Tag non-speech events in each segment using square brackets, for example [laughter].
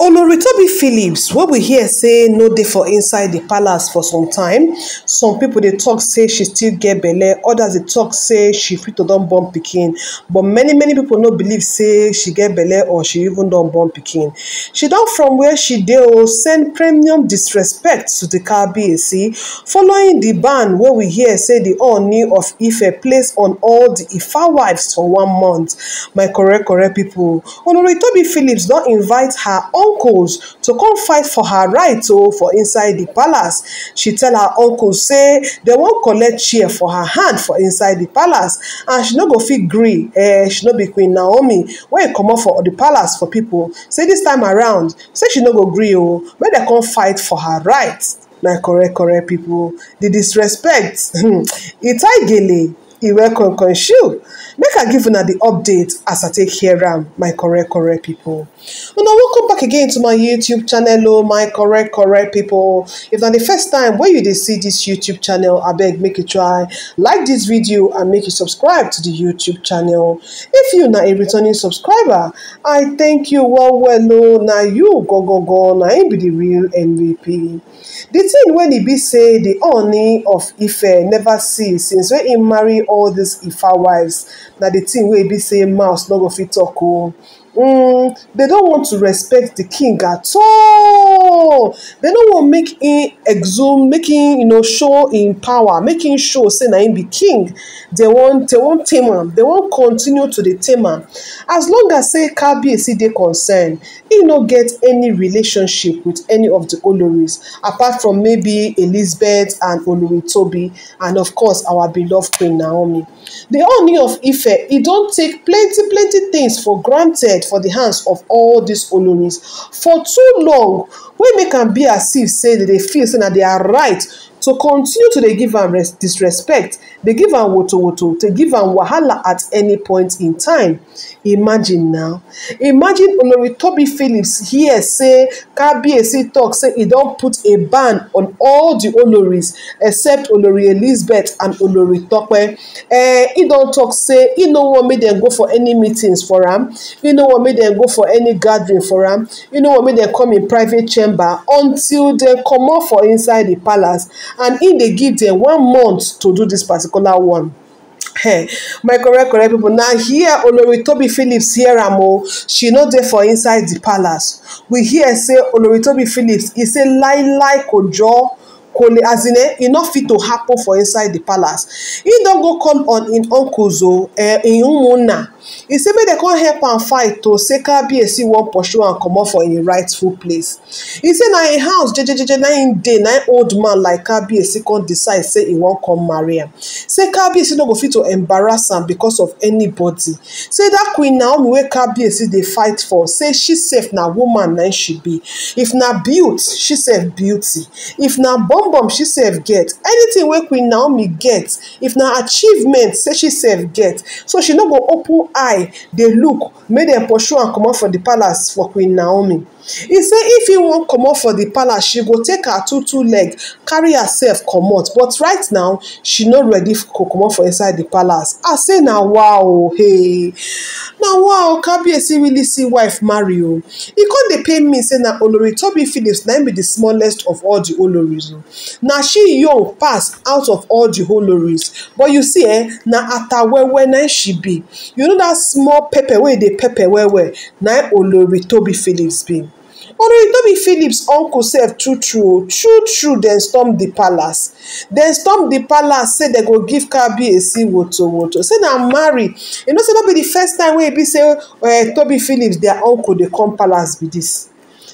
oloritobi phillips what we hear say no dey for inside the palace for some time some people they talk say she still get belle others they talk say she fit to don't bomb pikin but many many people no believe say she get belle or she even don't bomb pikin she don't from where she deal oh, send premium disrespect to di kabiyesi following the ban what we hear say the di new of if a place on all di Ifa wives for one month my correct correct people. pipo oloritobi phillips don't invite her own uncles to come fight for her right o oh, for inside the palace she tell her uncle, say dem wan collect chair for her hand for inside the palace and she no go fit gree eh she no be queen naomi wey e comot for the palace for people? say this time around say she no go gree o oh, make dem come fight for her right na correct correct people. The disrespect [laughs] hmm, e tie gele welcome, show make i give una di update as i take hear am my correct correct people. una welcome back again to my youtube channel o oh, my correct correct people. if na the first time wey you dey see this youtube channel abeg make you try like this video and make you subscribe to the youtube channel if you na a returning subscriber i thank you well well o oh, na you go go go na im be the real mvp The thing wey e be say the honey of ife never see since wey im marry all these ifa wives na the thing wey be say mouse no go fit talk o oh um, they don't want to respect the king at all they don't want make him exhume make you know, show in power making show say na him be king they want they want tame am they wan continue to the tame am as long as say kabiyesi dey concerned he no get any relationship with any of the oloris apart from maybe elizabeth and oloritobi and of course our beloved queen naomi the only of Ife he don't take plenty plenty things for granted dead for the hands of all these olorins for too long wey make am be as if say dem dey feel say na dia right to continue to dey give am disrespect dey give am wotowoto dey give am wahala at any point in time imagine now imagine Toby phillips hear say kabiyesi tok say e don put a ban on all di oloris except olori elizabeth and olori tope eh e don talk say e no wan make dem go for any meetings for am e no wan make dem go for any gathering for am e no wan make dem come in private chamber until dem comot for inside di palace and e dey give them one month to do this particular one Hey, my correct correct people. Now here olori tobi phillips hear am o she no dey for inside di palace we hear say olori tobi phillips e say lai lai kojo kole as in eh e no fit to happen for inside the palace He don go come on im uncles o eh, im Umuna. He say make dem come help am fight to say kabiyesi wan pursue am comot for im rightful place He say na im house jejejeje na im dey na im old man like kabiyesi come decide say he wan come marry am say kabiyesi no go fit to embarrass am because of anybody say that queen naomi wey kabiyesi dey fight for say she sef na woman na she be if na beauty she sef beauty if na bonbon she sef get anything wey queen naomi get if na achievement say she sef get so she no go open eye dey look make dem pursue am comot for di palace for queen naomi e say if e wan comot for di palace she go take her two two leg carry herself comot but right now she no ready to comot for inside di palace i say na wow hey na wow kabiyesi really see wife marry o e come dey pain me say na olori tobi phillips na im be di smallest of all di oloris o na she young pass out of all the oloris but you see eh na atawewe na she be you know that small pepper wey dey pepper well well na e olori tobi phillips be olori tobi phillips uncle sef true true oh. true true dem storm di palace dem storm di palace say dem go give kabiyesi woto woto say na marry you know say no be di first time wey e be say eh, Toby phillips dia uncle dey come palace be dis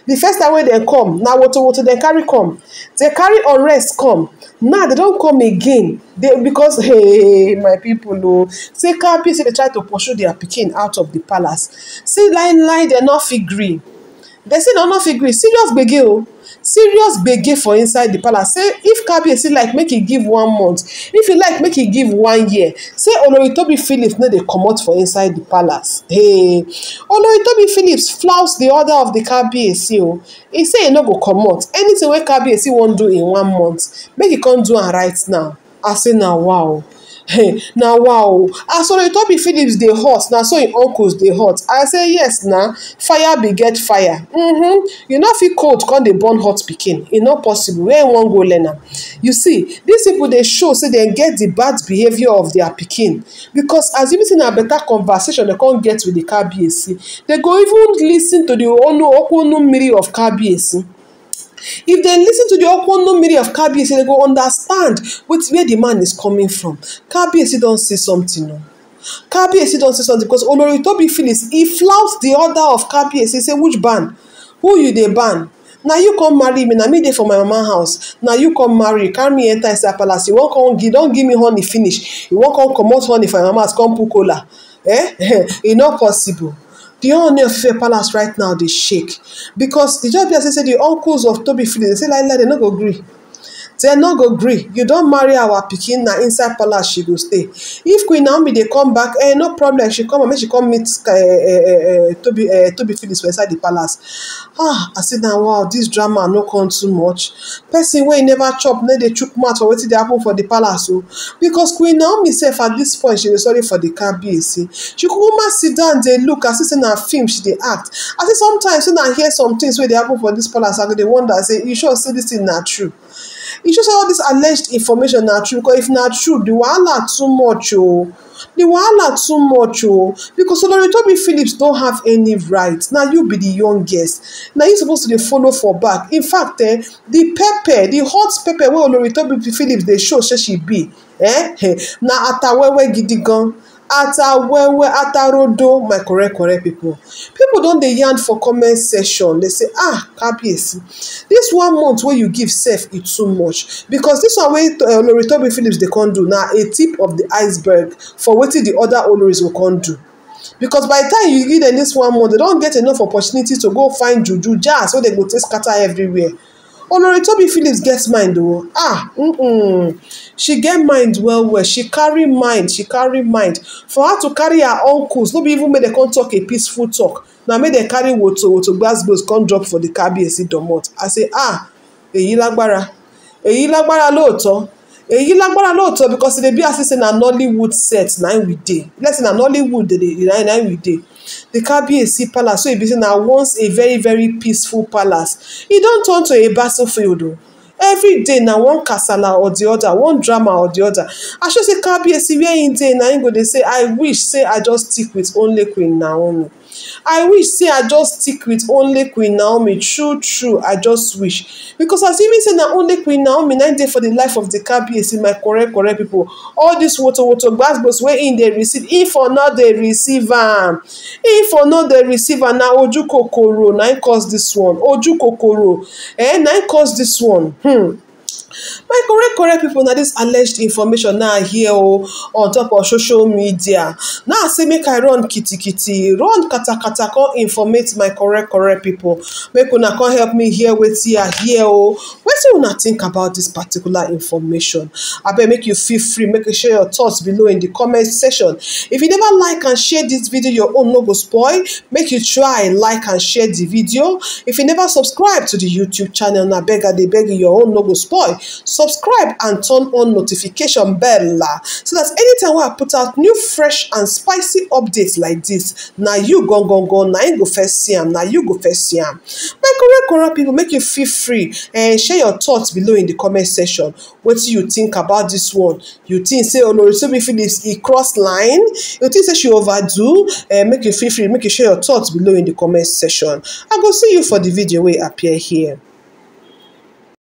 the first time wey dem come na what? woto They carry come they carry unrest come now they don't come again They because [laughs] hey my people o oh. say kapi say dey try to pursue their picking out of the palace See, line line they're not fit They say dem no fit gree serious gbege o oh serious gbege for inside the palace say if kabiyesi like make he give one month if e like make he give one year say oloritobi phillips no dey comot for inside the palace hey oloritobi phillips flouse the order of the kabiyesi o he say he no go comot anything wey kabiyesi wan do in one month make he come do am right now i say na wow na wow as ah, oletobi phillips dey hot na so im uncles dey hot i say yes na fire beget fire mm-hmm. you no fit cold come dey born hot pikin e no possible where you wan go learn am you see dis people dey show say dem get di bad behaviour of dia pikin because as you be say na better conversation dem come get wit di kabiyesi dem go even lis ten to di onu okunu miri of kabiyesi. If they listen to the Okono meaning of Kabiyesi, they go understand with where the man is coming from. Kabiyesi don't say something. No? Kabiyesi don't say something because Olori Tobi Phillips, he flouts the order of He say, which ban? Who you They ban? Now you come marry me Now me there for my mama house Now you come marry carry me enter inside palace you won't come give Don't give me honey finish you won't come come comot honey for my mama house come pukola. eh [laughs] e not possible the whole near fair palace right now they shake because the just be say the uncles of Toby Philip They say lai lai dem no go agree." dem no go gree you don marry our pikin na inside palace she go stay if queen naomi dey come back eh no problem she come make she come meet tobi eh, eh, eh, tobi phillips for inside the palace ah i say na wow this drama no come too much person wey e never chop no dey chook mouth for wetin dey happen for the palace o oh. because queen naomi sef at this point she dey sorry for di kabiyesi she kukuma sit down dey look as if say na film she dey act I say sometimes when i hear some things wey dey happen for this palace i go dey wonder say you sure say this thing na true e show say all this alleged information na true because if na true di wahala too much o oh. di wahala too much o oh. because oloritobi phillips don have any right na you be the youngest na you suppose to dey follow for back in fact eh di pepper di hot pepper wey oloritobi phillips dey show say she be eh [laughs] na atawewe gidi gan atawewe atarodo my correct correct people people don dey yarn for comment section dey say ah kabiyesi this one month wey you give sef e too much because this one wey uh, olori tobi phillips dey come do na a tip of the iceberg for wetin the other oloris go come do because by the time you give them this one month they don get enough opportunity to go find juju jazz wey dem go take scatter everywhere olori tobi phillips get mind o oh. ah mm-mm. she get mind well well she carry mind she carry mind for her to carry her uncles no be even make dem come talk a peaceful talk na make dem carry woto woto gbasgbos come drop for the kábíyèsí e domot i say ah èyí lágbára èyí lágbára lóòótọ́ èyí lágbára lóòótọ́ because e dey be as if say na nollywood set na im we dey let's say na nollywood na im we dey the kabiyesi palace wey so e be say na once a very very peaceful palace e don turn to a battlefield o every day na one kasala or the other one drama or the other I ashe say kabiyesi where im dey na im go dey say i wish say i just stick with only queen naomi I wish say I just stick with only Queen Naomi. True, true. I just wish. Because as even say na only Queen Naomi nine day for the life of the KPAC, my correct, correct people. All this water, water, glass but where in they receive. If or not they receive am. If or not they receive am na oju kokoro nine cause this one. Oju kokoro. Eh, Nine cause this one. Hmm my correct correct pipo na dis alleged information na here o oh, on top of social media now say make i run kitikiti run katakata come informate my correct correct pipo make una come help me hear wetin i hear o oh. wetin una think about this particular information abeg make you feel free make you share your thoughts below in the comment section if you never like and share this video your own no go spoil make you try like and share the video if you never subscribe to the youtube channel na beg i dey beg your own no go spoil subscribe and turn on notification bell so that anytime wey i put out new fresh and spicy updates like this, na you go go go, na you go first see am na you go first see am my correct correct people make you feel free eh, share your thoughts below in the comment section wetin you think about this one you think say oh no, oloritobi phillips e cross line you think say she overdo eh, make you feel free make you share your thoughts below in the comment section i go see you for the video wey appear here